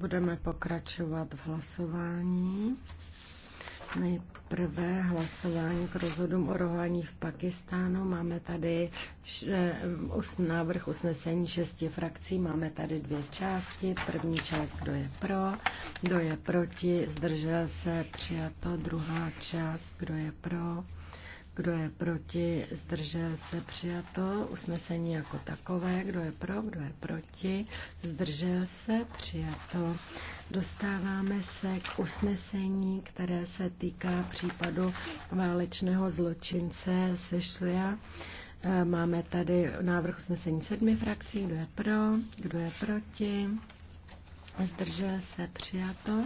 Budeme pokračovat v hlasování. Nejprve hlasování k rozhodům o rohání v Pakistánu. Máme tady eh, návrh usnesení šesti frakcí. Máme tady dvě části. První část, kdo je pro, kdo je proti, zdržel se, přijato. Druhá část, kdo je pro, kdo je proti? Zdržel se přijato. Usnesení jako takové. Kdo je pro? Kdo je proti? Zdržel se přijato. Dostáváme se k usnesení, které se týká případu válečného zločince Sešlia. E, máme tady návrh usnesení sedmi frakcí. Kdo je pro? Kdo je proti? zdržel se přijato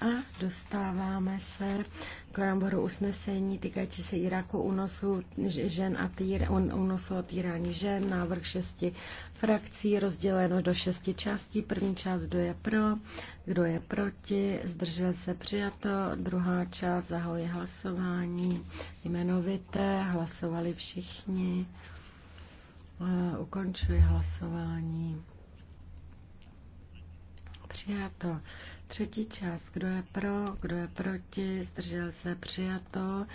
a dostáváme se k náboru usnesení týkající se Iraku unosu žen a týr, un, unosu a týrání žen, návrh šesti frakcí rozděleno do šesti částí. První část, kdo je pro, kdo je proti, zdržel se přijato, druhá část zahoje hlasování jmenovité, hlasovali všichni. Ukončuji hlasování. Přijato. Třetí část. Kdo je pro? Kdo je proti? Zdržel se? Přijato.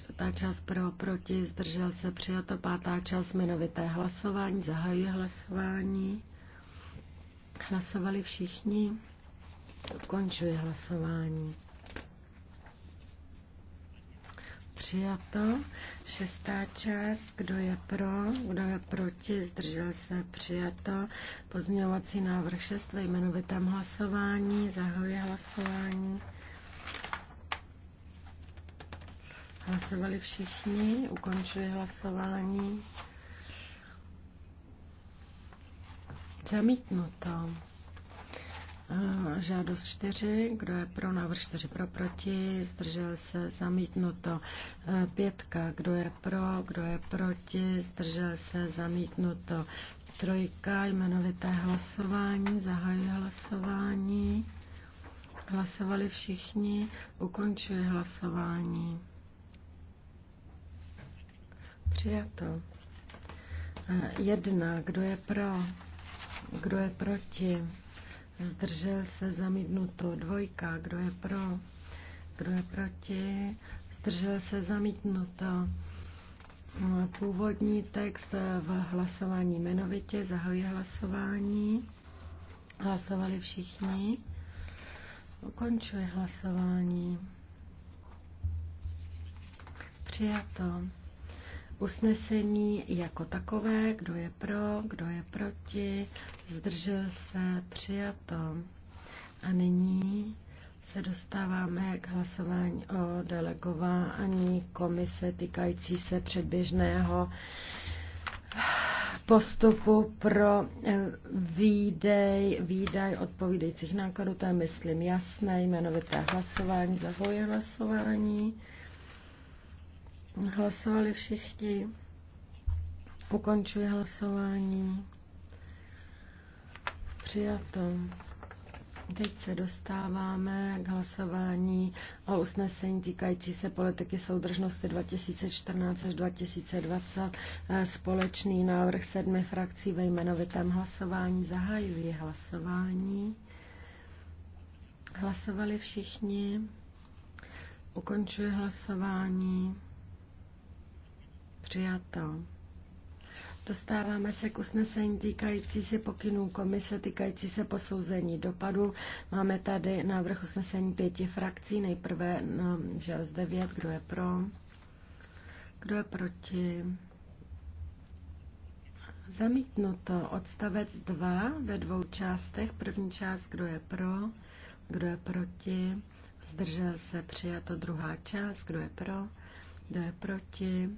Čtvrtá část pro, proti? Zdržel se? Přijato. Pátá část jmenovité hlasování. zahajuje hlasování. Hlasovali všichni. ukončuje hlasování. přijato. Šestá část, kdo je pro, kdo je proti, zdržel se, přijato. Pozměňovací návrh 6 ve jmenovitém hlasování, zahajuje hlasování. Hlasovali všichni, ukončili hlasování. Zamítnuto. Eh, žádost 4, kdo je pro návrh 4 pro proti, zdržel se zamítnuto. Eh, pětka, kdo je pro, kdo je proti, zdržel se zamítnuto. Trojka, jmenovité hlasování, Zahajuje hlasování. Hlasovali všichni, ukončuje hlasování. Přijato. Eh, jedna, kdo je pro, kdo je proti zdržel se zamítnuto dvojka, kdo je pro, kdo je proti, zdržel se zamítnuto. Původní text v hlasování jmenovitě, zahojí hlasování, hlasovali všichni, ukončuje hlasování. Přijato. Usnesení jako takové, kdo je pro, kdo je proti, zdržel se, přijato. A nyní se dostáváme k hlasování o delegování komise týkající se předběžného postupu pro eh, výdej, výdaj odpovídajících nákladů, to je myslím jasné, jmenovité hlasování, zahoje hlasování. Hlasovali všichni. Ukončuji hlasování. Přijato. Teď se dostáváme k hlasování o usnesení týkající se politiky soudržnosti 2014 až 2020. Společný návrh sedmi frakcí ve jmenovitém hlasování. Zahajuji hlasování. Hlasovali všichni. Ukončuji hlasování. Přijato. Dostáváme se k usnesení týkající se pokynů komise, týkající se posouzení dopadu. Máme tady návrh usnesení pěti frakcí. Nejprve no, z devět, Kdo je pro? Kdo je proti? Zamítnuto. Odstavec 2 ve dvou částech. První část, kdo je pro? Kdo je proti? Zdržel se přijato druhá část. Kdo je pro? Kdo je proti?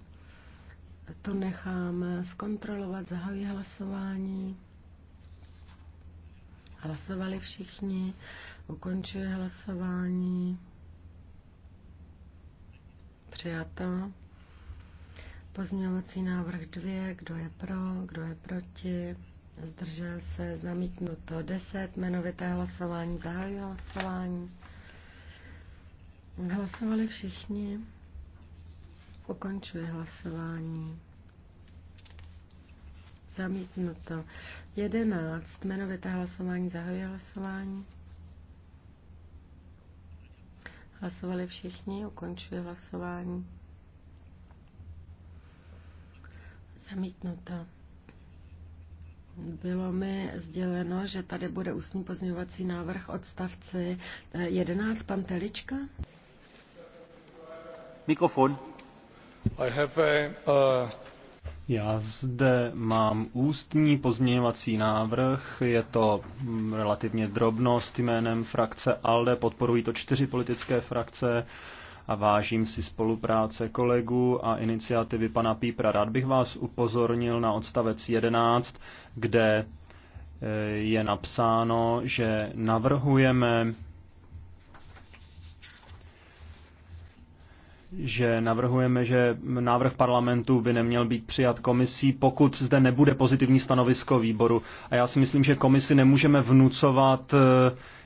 to nechám zkontrolovat, zahajuji hlasování. Hlasovali všichni, ukončuji hlasování. Přijato. Pozměňovací návrh 2, kdo je pro, kdo je proti, zdržel se, zamítnuto 10, jmenovité hlasování, zahajuji hlasování. Hlasovali všichni. Ukončuji hlasování. Zamítnuto. 11. Jmenovité hlasování. Zahajuji hlasování. Hlasovali všichni. Ukončuji hlasování. Zamítnuto. Bylo mi sděleno, že tady bude ústní pozměňovací návrh odstavci 11. Eh, Pan Telička? Mikrofon. Já zde mám ústní pozměňovací návrh, je to mm, relativně drobnost jménem frakce ALDE, podporují to čtyři politické frakce a vážím si spolupráce kolegů a iniciativy pana Pípra. Rád bych vás upozornil na odstavec 11, kde eh, je napsáno, že navrhujeme že navrhujeme, že návrh parlamentu by neměl být přijat komisí, pokud zde nebude pozitivní stanovisko výboru. A já si myslím, že komisi nemůžeme vnucovat e,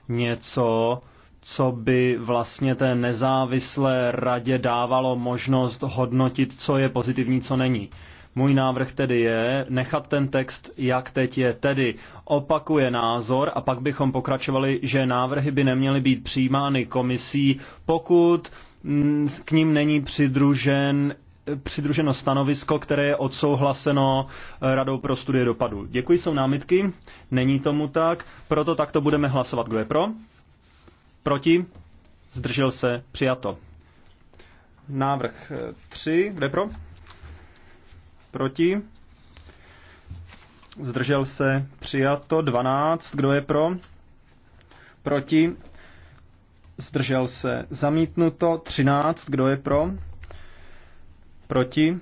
něco, co by vlastně té nezávislé radě dávalo možnost hodnotit, co je pozitivní, co není. Můj návrh tedy je nechat ten text, jak teď je, tedy opakuje názor a pak bychom pokračovali, že návrhy by neměly být přijímány komisí, pokud Mm, k ním není přidružen přidruženo stanovisko, které je odsouhlaseno eh, Radou pro studie dopadu. Děkuji, jsou námitky? Není tomu tak, proto takto budeme hlasovat. Kdo je pro? Proti? Zdržel se? Přijato. Návrh 3, eh, kde pro? Proti? Zdržel se? Přijato. 12, kdo je pro? Proti? zdržel se, zamítnuto 13, e, kdo je pro, proti,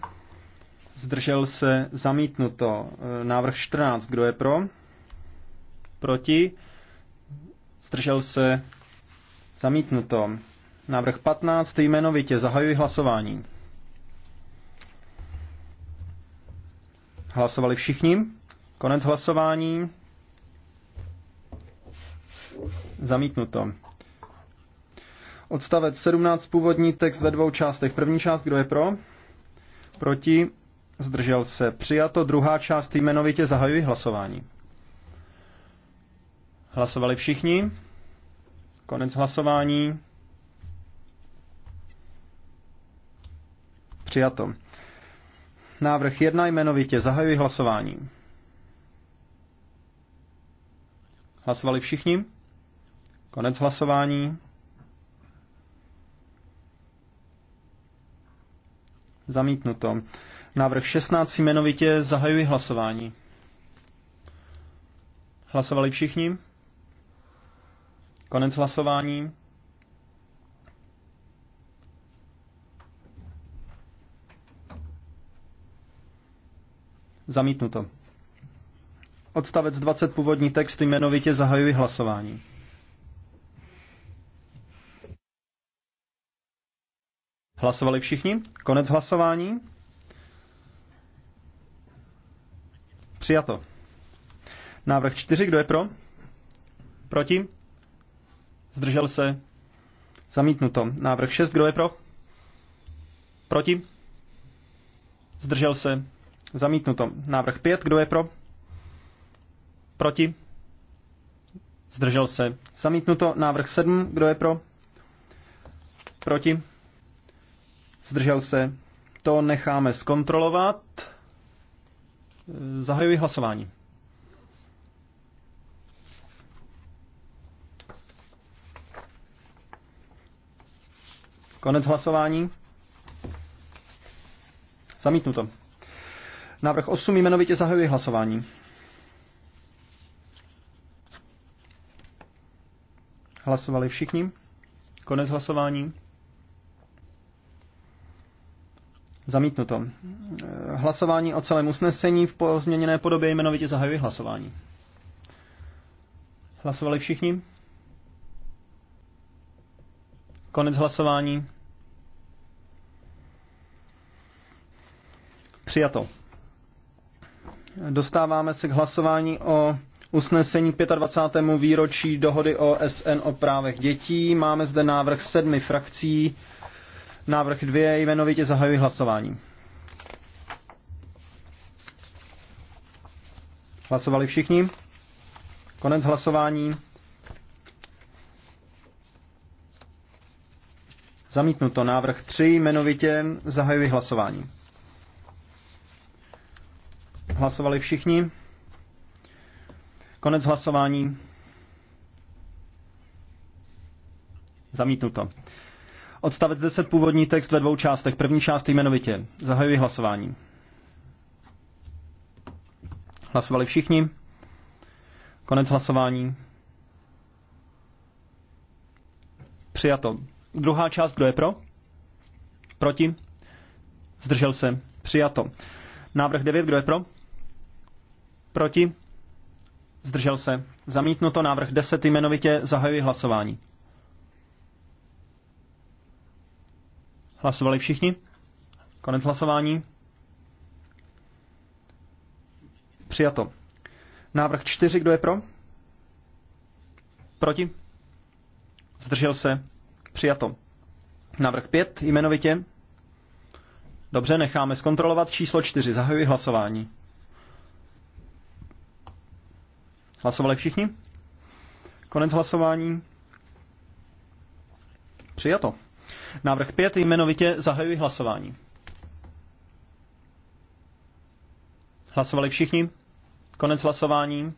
zdržel se, zamítnuto návrh 14, kdo je pro, proti, zdržel se, zamítnuto návrh 15, jmenovitě zahajuji hlasování. Hlasovali všichni. Konec hlasování. Zamítnuto. Odstavec 17, původní text ve dvou částech. První část, kdo je pro? Proti? Zdržel se. Přijato. Druhá část jmenovitě zahajuji hlasování. Hlasovali všichni? Konec hlasování. Přijato. Návrh 1 jmenovitě zahajuji hlasování. Hlasovali všichni? Konec hlasování. Zamítnuto. Návrh 16 jmenovitě zahajuji hlasování. Hlasovali všichni? Konec hlasování. Zamítnuto. Odstavec 20 původní text jmenovitě zahajuji hlasování. Hlasovali všichni? Konec hlasování? Přijato. Návrh 4, kdo je pro? Proti? Zdržel se? Zamítnuto. Návrh 6, kdo je pro? Proti? Zdržel se? Zamítnuto. Návrh 5, kdo je pro? Proti? Zdržel se. Zamítnuto. Návrh 7, kdo je pro? Proti? zdržel se, to necháme zkontrolovat. Zahajuji hlasování. Konec hlasování. Zamítnuto. Návrh 8 jmenovitě zahajuje hlasování. Hlasovali všichni. Konec hlasování. Zamítnuto. Eh, hlasování o celém usnesení v pozměněné podobě jmenovitě zahajuji hlasování. Hlasovali všichni? Konec hlasování. Přijato. Dostáváme se k hlasování o usnesení 25. výročí dohody OSN o právech dětí. Máme zde návrh sedmi frakcí. Návrh dvě jmenovitě zahajuji hlasování. Hlasovali všichni? Konec hlasování. Zamítnuto návrh 3, jmenovitě zahajuji hlasování. Hlasovali všichni? Konec hlasování. Zamítnuto. Odstavec 10 původní text ve dvou částech. První část jmenovitě. Zahajuji hlasování. Hlasovali všichni. Konec hlasování. Přijato. Druhá část, kdo je pro? Proti? Zdržel se. Přijato. Návrh 9, kdo je pro? Proti? Zdržel se. Zamítnuto návrh 10 jmenovitě zahajuji hlasování. Hlasovali všichni? Konec hlasování. Přijato. Návrh 4, kdo je pro? Proti? Zdržel se? Přijato. Návrh 5, jmenovitě? Dobře, necháme zkontrolovat číslo 4. Zahajuji hlasování. Hlasovali všichni? Konec hlasování. Přijato. Návrh 5 jmenovitě zahajuji hlasování. Hlasovali všichni? Konec hlasování.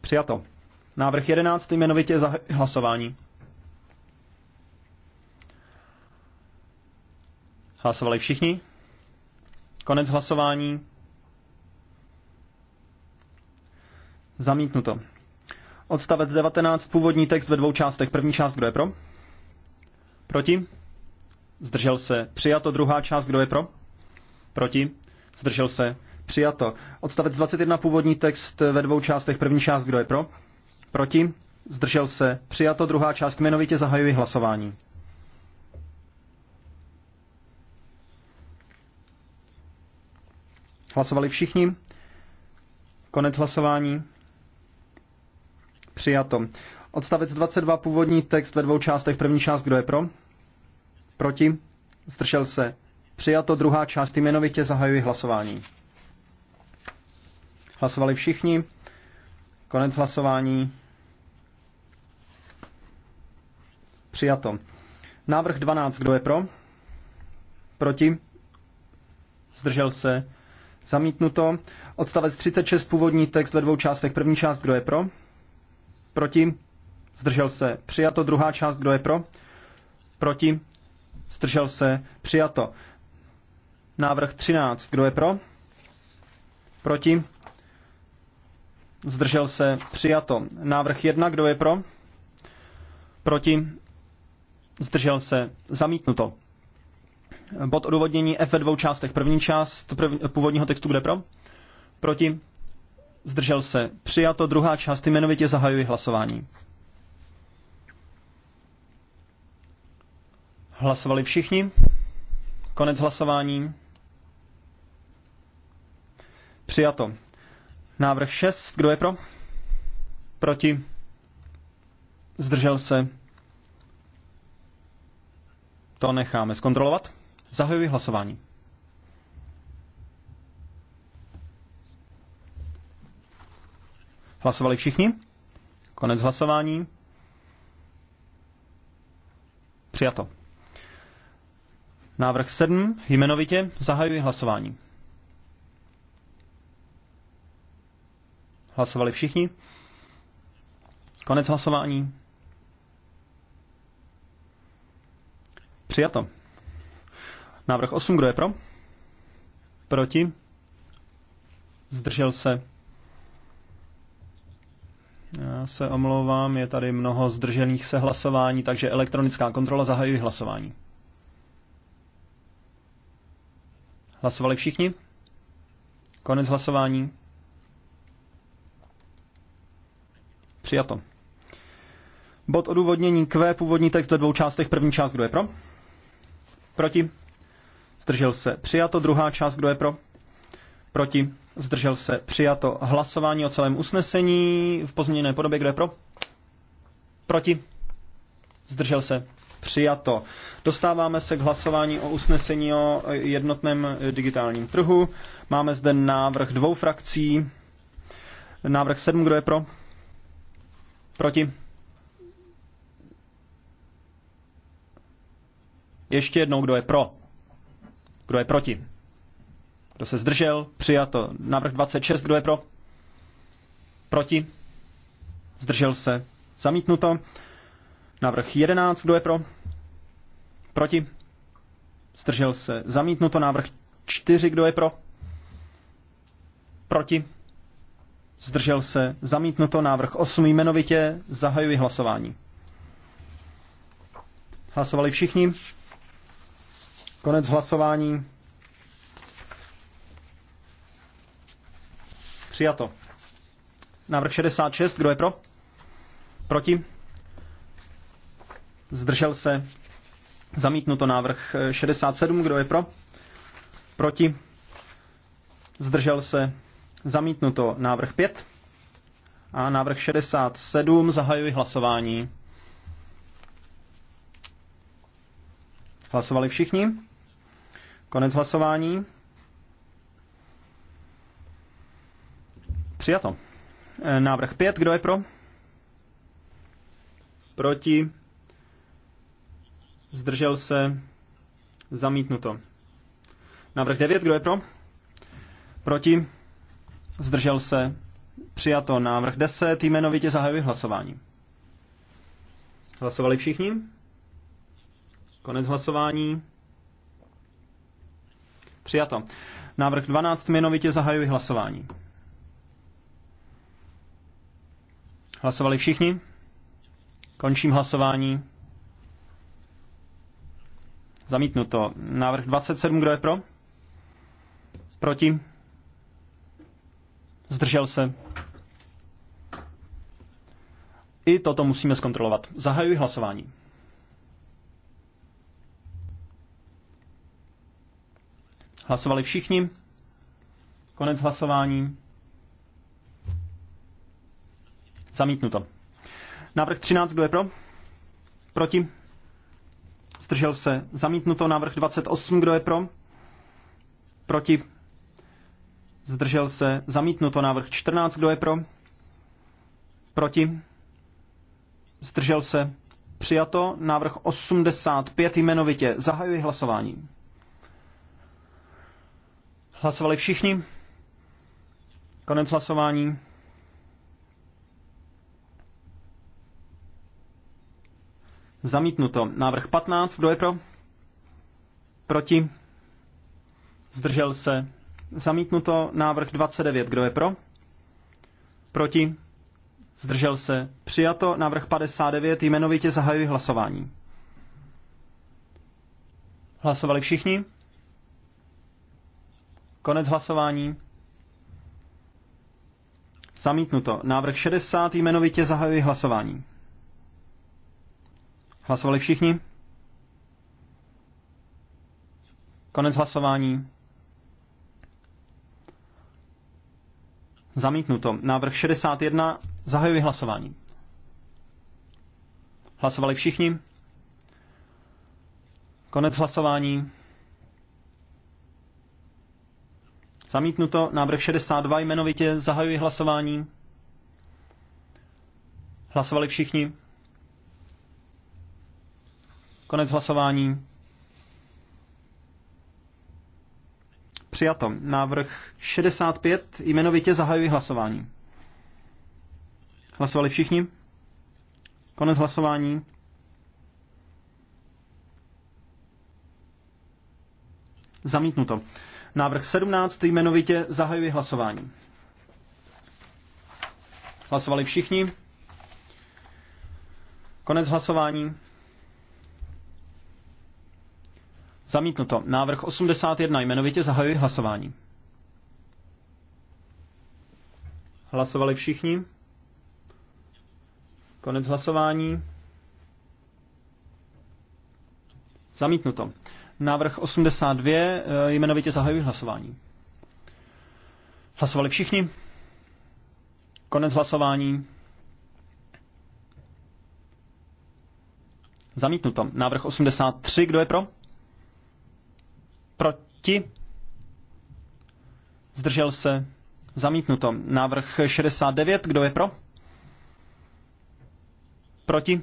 Přijato. Návrh 11 jmenovitě za hlasování. Hlasovali všichni? Konec hlasování. Zamítnuto. Odstavec 19, původní text ve dvou částech. První část, kdo je pro? Proti? Zdržel se. Přijato. Druhá část, kdo je pro? Proti? Zdržel se. Přijato. Odstavec 21, původní text ve dvou částech. První část, kdo je pro? Proti? Zdržel se. Přijato. Druhá část, jmenovitě zahajuji hlasování. Hlasovali všichni? Konec hlasování. Přijato. Odstavec 22, původní text ve dvou částech. První část, kdo je pro? Proti? Zdržel se. Přijato druhá část jmenovitě zahajuji hlasování. Hlasovali všichni. Konec hlasování. Přijato. Návrh 12. Kdo je pro? Proti? Zdržel se. Zamítnuto. Odstavec 36. Původní text ve dvou částech. První část. Kdo je pro? Proti? Zdržel se. Přijato. Druhá část. Kdo je pro? Proti? Zdržel se. Přijato. Návrh 13. Kdo je pro? Proti? Zdržel se. Přijato. Návrh 1. Kdo je pro? Proti? Zdržel se. Zamítnuto. Bod odůvodnění F ve dvou částech. První část prv, původního textu bude pro? Proti? zdržel se, přijato. Druhá část jmenovitě zahajuji hlasování. Hlasovali všichni? Konec hlasování. Přijato. Návrh 6. Kdo je pro? Proti? Zdržel se? To necháme zkontrolovat. Zahajuji hlasování. Hlasovali všichni? Konec hlasování. Přijato. Návrh 7. Jmenovitě zahajuji hlasování. Hlasovali všichni? Konec hlasování. Přijato. Návrh 8. Kdo je pro? Proti? Zdržel se? Já se omlouvám, je tady mnoho zdržených se hlasování, takže elektronická kontrola zahajuje hlasování. Hlasovali všichni? Konec hlasování. Přijato. Bod odůvodnění Q, původní text ve dvou částech. První část, kdo je pro? Proti? Zdržel se. Přijato. Druhá část, kdo je pro? Proti? zdržel se, přijato. Hlasování o celém usnesení v pozměněné podobě, kdo je pro? Proti? Zdržel se, přijato. Dostáváme se k hlasování o usnesení o jednotném digitálním trhu. Máme zde návrh dvou frakcí. Návrh 7, kdo je pro? Proti? Ještě jednou, kdo je pro? Kdo je proti? Kdo se zdržel? Přijato. Návrh 26. Kdo je pro? Proti? Zdržel se? Zamítnuto. Návrh 11. Kdo je pro? Proti? Zdržel se? Zamítnuto. Návrh 4. Kdo je pro? Proti? Zdržel se? Zamítnuto. Návrh 8. Jmenovitě zahajuji hlasování. Hlasovali všichni? Konec hlasování. Přijato. Návrh 66, kdo je pro? Proti? Zdržel se. Zamítnuto návrh 67, kdo je pro? Proti? Zdržel se. Zamítnuto návrh 5. A návrh 67, zahajuji hlasování. Hlasovali všichni? Konec hlasování. Přijato. E, návrh 5, kdo je pro? Proti? Zdržel se? Zamítnuto. Návrh 9, kdo je pro? Proti? Zdržel se? Přijato. Návrh 10, jmenovitě zahajuji hlasování. Hlasovali všichni? Konec hlasování. Přijato. Návrh 12, jmenovitě zahajuji hlasování. Hlasovali všichni? Končím hlasování. Zamítnuto. Návrh 27, kdo je pro? Proti? Zdržel se? I toto musíme zkontrolovat. Zahajuji hlasování. Hlasovali všichni? Konec hlasování. Zamítnuto. Návrh 13, kdo je pro? Proti? Zdržel se. Zamítnuto. Návrh 28, kdo je pro? Proti? Zdržel se. Zamítnuto. Návrh 14, kdo je pro? Proti? Zdržel se. Přijato. Návrh 85 jmenovitě. Zahajuji hlasování. Hlasovali všichni? Konec hlasování. Zamítnuto. Návrh 15. Kdo je pro? Proti? Zdržel se. Zamítnuto. Návrh 29. Kdo je pro? Proti? Zdržel se. Přijato. Návrh 59. Jmenovitě zahajuji hlasování. Hlasovali všichni? Konec hlasování. Zamítnuto. Návrh 60. Jmenovitě zahajuji hlasování. Hlasovali všichni? Konec hlasování. Zamítnuto. Návrh 61. Zahajuji hlasování. Hlasovali všichni? Konec hlasování. Zamítnuto. Návrh 62. Jmenovitě zahajuji hlasování. Hlasovali všichni? Konec hlasování. Přijato. Návrh 65. Jmenovitě zahajuji hlasování. Hlasovali všichni? Konec hlasování. Zamítnuto. Návrh 17. Jmenovitě zahajuji hlasování. Hlasovali všichni? Konec hlasování. Zamítnuto. Návrh 81 jmenovitě zahajuji hlasování. Hlasovali všichni? Konec hlasování. Zamítnuto. Návrh 82 eh, jmenovitě zahajuji hlasování. Hlasovali všichni? Konec hlasování. Zamítnuto. Návrh 83, kdo je pro? Proti? Zdržel se? Zamítnuto. Návrh 69. Kdo je pro? Proti?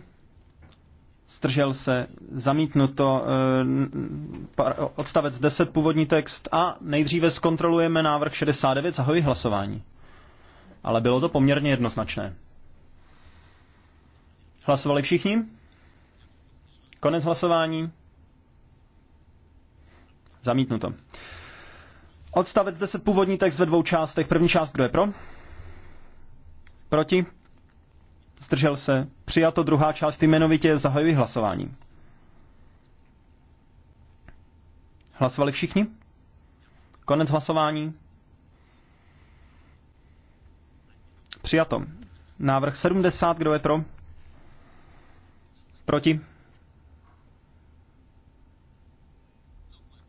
Zdržel se? Zamítnuto. Eh, odstavec 10. Původní text. A nejdříve zkontrolujeme návrh 69. Zahoj hlasování. Ale bylo to poměrně jednoznačné. Hlasovali všichni? Konec hlasování. Zamítnuto. Odstavec 10 původní text ve dvou částech. První část, kdo je pro? Proti? Zdržel se. Přijato druhá část jmenovitě zahajuji hlasování. Hlasovali všichni? Konec hlasování. Přijato. Návrh 70, kdo je pro? Proti?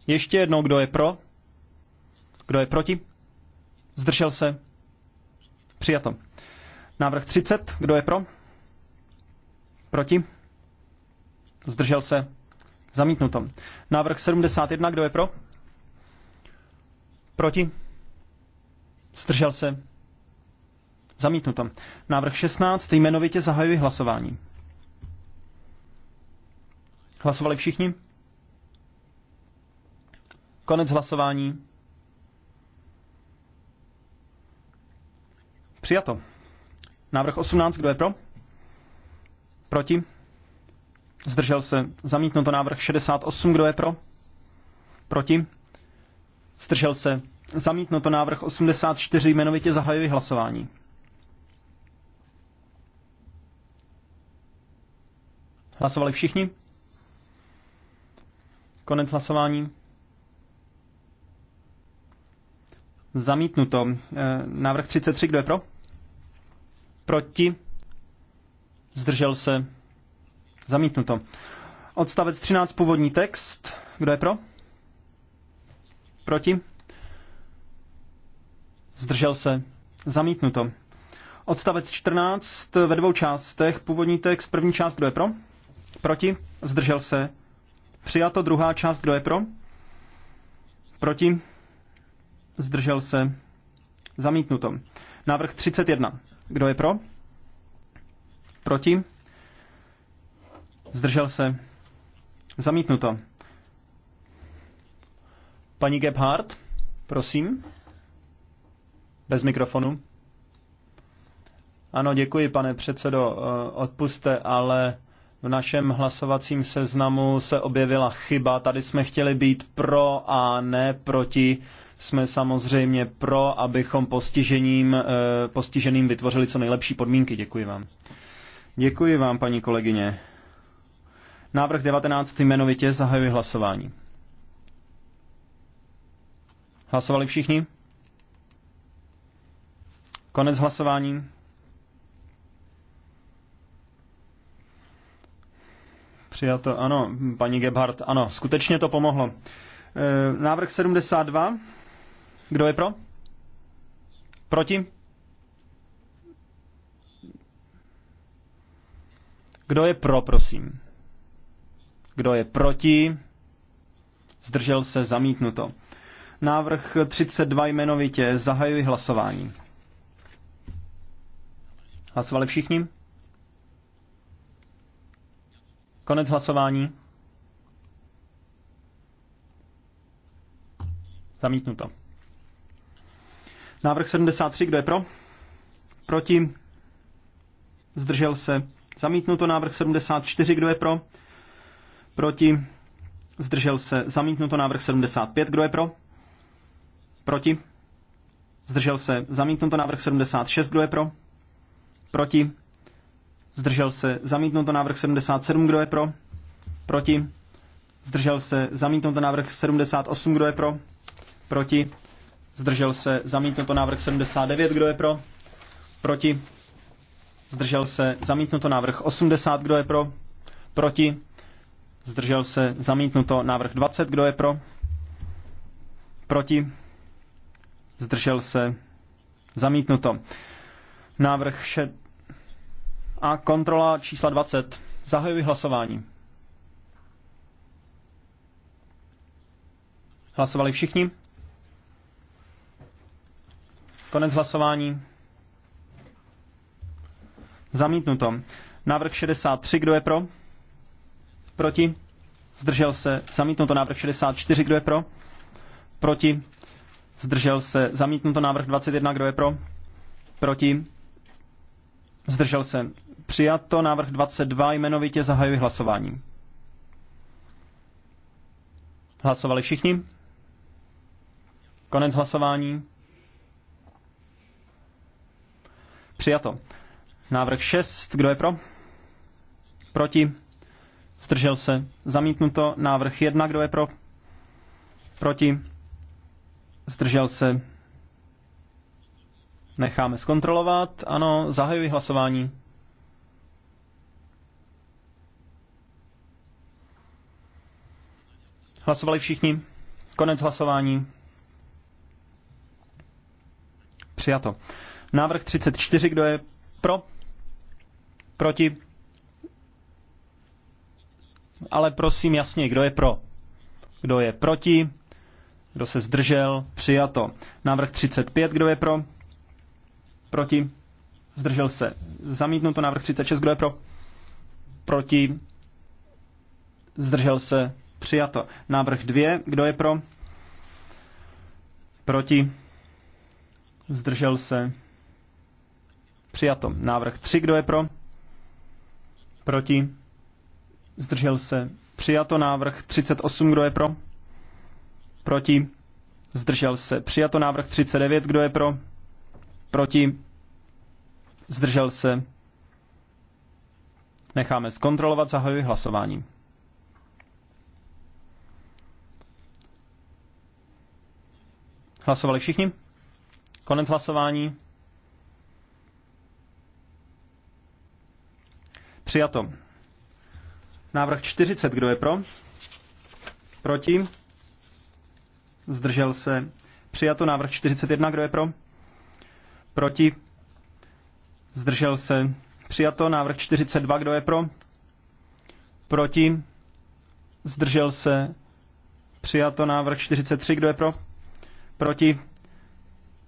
Ještě jednou, kdo je pro? Kdo je proti? Zdržel se? Přijato. Návrh 30, kdo je pro? Proti? Zdržel se? Zamítnuto. Návrh 71, kdo je pro? Proti? Zdržel se? Zamítnuto. Návrh 16, jmenovitě zahajuji hlasování. Hlasovali všichni? Konec hlasování. Přijato. Návrh 18, kdo je pro? Proti? Zdržel se. Zamítnuto návrh 68, kdo je pro? Proti? Zdržel se. Zamítnuto návrh 84, jmenovitě zahajuji hlasování. Hlasovali všichni? Konec hlasování. Zamítnuto. E, návrh 33, kdo je pro? Proti? Zdržel se? Zamítnuto. Odstavec 13, původní text. Kdo je pro? Proti? Zdržel se? Zamítnuto. Odstavec 14 ve dvou částech. Původní text, první část, kdo je pro? Proti? Zdržel se? Přijato druhá část, kdo je pro? Proti? Zdržel se? Zamítnuto. Návrh 31. Kdo je pro? Proti? Zdržel se? Zamítnuto. Paní Gebhardt, prosím. Bez mikrofonu. Ano, děkuji, pane předsedo. Eh, odpuste, ale v našem hlasovacím seznamu se objevila chyba. Tady jsme chtěli být pro a ne proti. Jsme samozřejmě pro, abychom postižením, eh, postiženým vytvořili co nejlepší podmínky. Děkuji vám. Děkuji vám, paní kolegyně. Návrh 19 jmenovitě zahajuji hlasování. Hlasovali všichni? Konec hlasování. Přijato, ano, paní Gebhardt, ano, skutečně to pomohlo. E, návrh 72. Kdo je pro? Proti? Kdo je pro, prosím? Kdo je proti? Zdržel se zamítnuto. Návrh 32 jmenovitě. Zahajuji hlasování. Hlasovali všichni? Konec hlasování. Zamítnuto. Návrh 73, kdo je pro? Proti? Zdržel se. Zamítnuto návrh 74, kdo je pro? Proti? Zdržel se. Zamítnuto návrh 75, kdo je pro? Proti? Zdržel se. Zamítnuto návrh 76, kdo je pro? Proti? Zdržel se zamítnuto návrh 77, kdo je pro? Proti. Zdržel se zamítnuto návrh 78, kdo je pro? Proti. Zdržel se zamítnuto návrh 79, kdo je pro? Proti. Zdržel se zamítnuto návrh 80, kdo je pro? Proti. Zdržel se zamítnuto návrh 20, kdo je pro? Proti. Zdržel se zamítnuto. Návrh a kontrola čísla 20. Zahajuji hlasování. Hlasovali všichni? Konec hlasování. Zamítnuto. Návrh 63, kdo je pro? Proti? Zdržel se. Zamítnuto návrh 64, kdo je pro? Proti? Zdržel se. Zamítnuto návrh 21, kdo je pro? Proti? Zdržel se. Přijato návrh 22, jmenovitě zahajuji hlasování. Hlasovali všichni? Konec hlasování. Přijato. Návrh 6, kdo je pro? Proti? Zdržel se. Zamítnuto. Návrh 1, kdo je pro? Proti? Zdržel se. Necháme zkontrolovat. Ano, zahajuji hlasování. Hlasovali všichni? Konec hlasování. Přijato. Návrh 34, kdo je pro? Proti? Ale prosím jasně, kdo je pro? Kdo je proti? Kdo se zdržel? Přijato. Návrh 35, kdo je pro? Proti? Zdržel se. Zamítnuto. Návrh 36, kdo je pro? Proti? Zdržel se. Přijato. Návrh 2. Kdo je pro? Proti? Zdržel se? Přijato. Návrh 3. Kdo je pro? Proti? Zdržel se? Přijato. Návrh 38. Kdo je pro? Proti? Zdržel se. Přijato. Návrh 39. Kdo je pro? Proti? Zdržel se? Necháme zkontrolovat. Zahajuji hlasování. Hlasovali všichni? Konec hlasování. Přijato. Návrh 40, kdo je pro? Proti? Zdržel se. Přijato návrh 41, kdo je pro? Proti? Zdržel se. Přijato návrh 42, kdo je pro? Proti? Zdržel se. Přijato návrh 43, kdo je pro? Proti?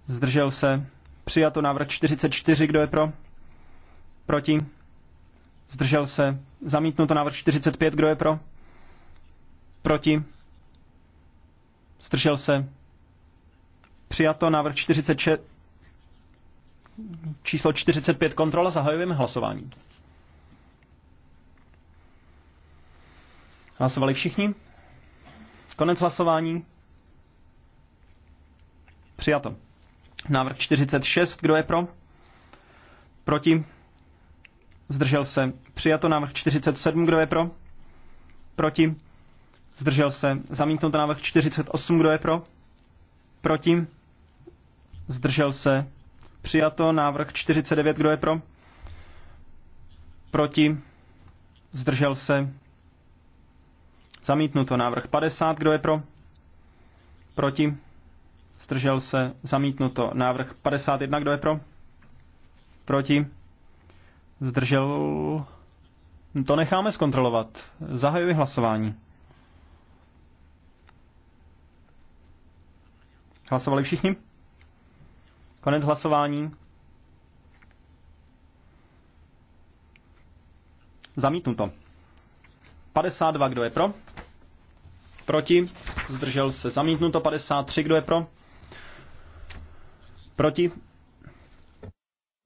Zdržel se. Přijato návrh 44. Kdo je pro? Proti? Zdržel se. Zamítnuto návrh 45. Kdo je pro? Proti? Zdržel se. Přijato návrh 46. Číslo 45. Kontrola. Zahajujeme hlasování. Hlasovali všichni? Konec hlasování. Přijato. Návrh 46, kdo je pro? Proti? Zdržel se. Přijato. Návrh 47, kdo je pro? Proti? Zdržel se. Zamítnout návrh 48, kdo je pro? Proti? Zdržel se. Přijato. Návrh 49, kdo je pro? Proti? Zdržel se. Zamítnuto. Návrh 50, kdo je pro? Proti? Zdržel se. Zamítnuto. Návrh 51. Kdo je pro? Proti? Zdržel. To necháme zkontrolovat. Zahajuji hlasování. Hlasovali všichni? Konec hlasování. Zamítnuto. 52, kdo je pro? Proti? Zdržel se. Zamítnuto. 53, kdo je pro? Proti?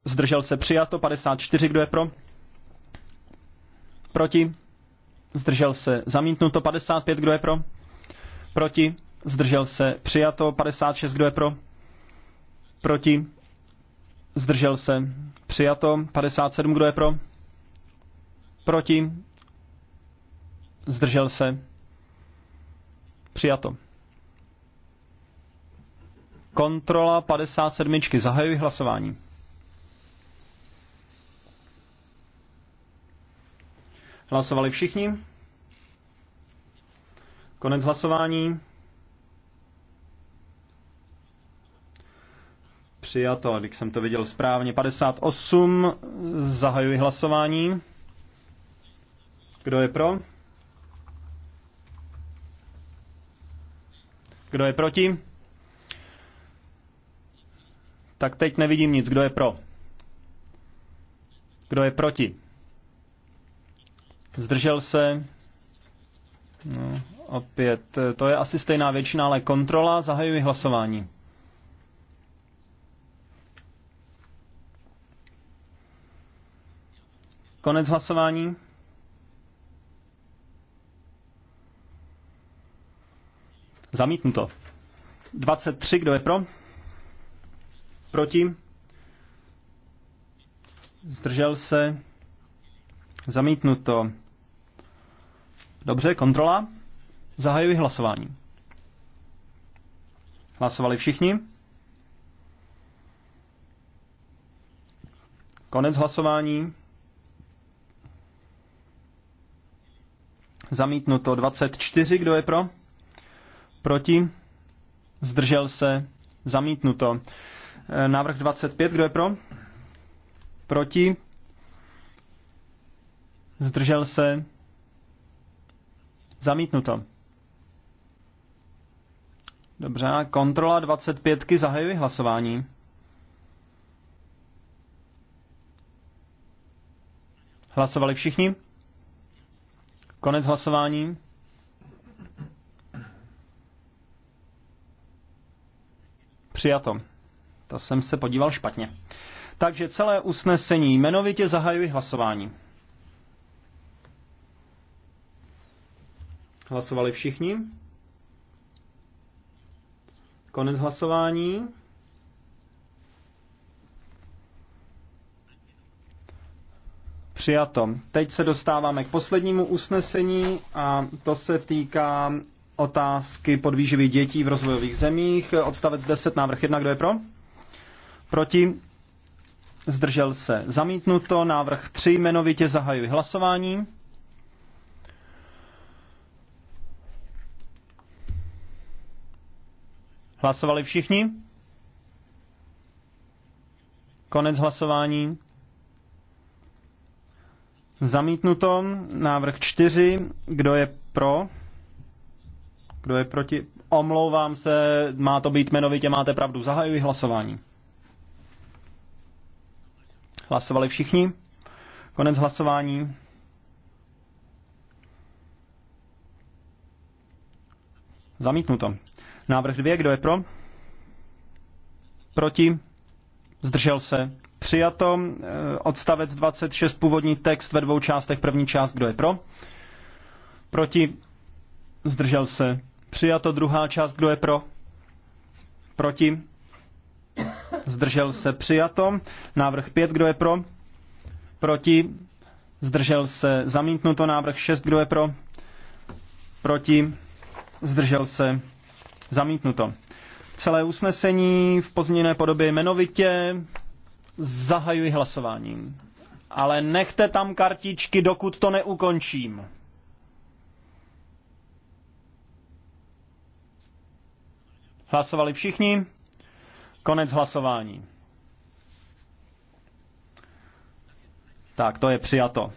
Zdržel se přijato. 54. Kdo je pro? Proti? Zdržel se zamítnuto. 55. Kdo je pro? Proti? Zdržel se přijato. 56. Kdo je pro? Proti? Zdržel se přijato. 57. Kdo je pro? Proti? Zdržel se přijato. Kontrola 57. Zahajuji hlasování. Hlasovali všichni? Konec hlasování. Přijato, když jsem to viděl správně. 58. Zahajuji hlasování. Kdo je pro? Kdo je proti? Tak teď nevidím nic. Kdo je pro? Kdo je proti? Zdržel se? No, opět, eh, to je asi stejná většina, ale kontrola, zahajuji hlasování. Konec hlasování. Zamítnuto. 23, kdo je pro? Proti? Zdržel se? Zamítnuto. Dobře, kontrola. Zahajuji hlasování. Hlasovali všichni? Konec hlasování. Zamítnuto 24, kdo je pro? Proti? Zdržel se? Zamítnuto. Eh, návrh 25, kdo je pro? Proti? Zdržel se? Zamítnuto. Dobře, kontrola 25, zahajuji hlasování. Hlasovali všichni? Konec hlasování. Přijato. To jsem se podíval špatně. Takže celé usnesení. Jmenovitě zahajuji hlasování. Hlasovali všichni? Konec hlasování. Přijato. Teď se dostáváme k poslednímu usnesení a to se týká otázky podvýživy dětí v rozvojových zemích. Odstavec 10, návrh 1, kdo je pro? Proti? Zdržel se. Zamítnuto. Návrh 3. Jmenovitě zahajuji hlasování. Hlasovali všichni? Konec hlasování. Zamítnuto. Návrh 4. Kdo je pro? Kdo je proti? Omlouvám se, má to být jmenovitě, máte pravdu. Zahajuji hlasování. Hlasovali všichni? Konec hlasování. Zamítnuto. Návrh 2, kdo je pro? Proti? Zdržel se? Přijato. E, odstavec 26, původní text ve dvou částech. První část, kdo je pro? Proti? Zdržel se? Přijato. Druhá část, kdo je pro? Proti? zdržel se, přijato. Návrh 5, kdo je pro, proti, zdržel se, zamítnuto. Návrh 6, kdo je pro, proti, zdržel se, zamítnuto. Celé usnesení v pozměněné podobě jmenovitě zahajuji hlasování. Ale nechte tam kartičky, dokud to neukončím. Hlasovali všichni? Konec hlasování. Tak, to je přijato.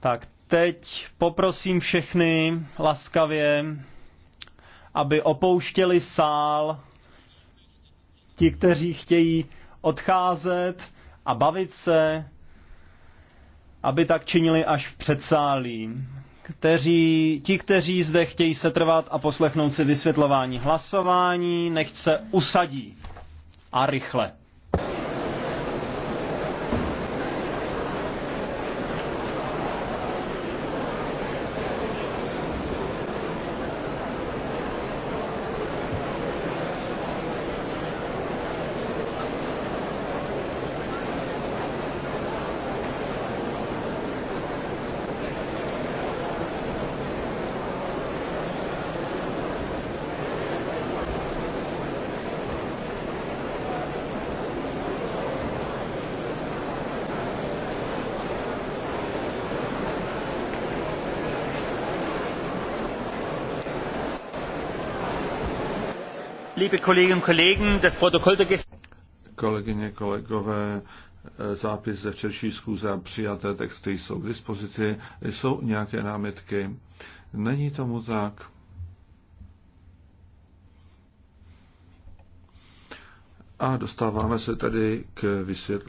Tak, teď poprosím všechny laskavě, aby opouštěli sál ti, kteří chtějí odcházet a bavit se, aby tak činili až v předsálí kteří, ti, kteří zde chtějí setrvat a poslechnout si vysvětlování hlasování, nechce usadí a rychle. Kolegyně, kolegové, zápis ze včerší schůze a přijaté texty jsou k dispozici. Jsou nějaké námitky? Není tomu tak. A dostáváme se tedy k vysvětlení.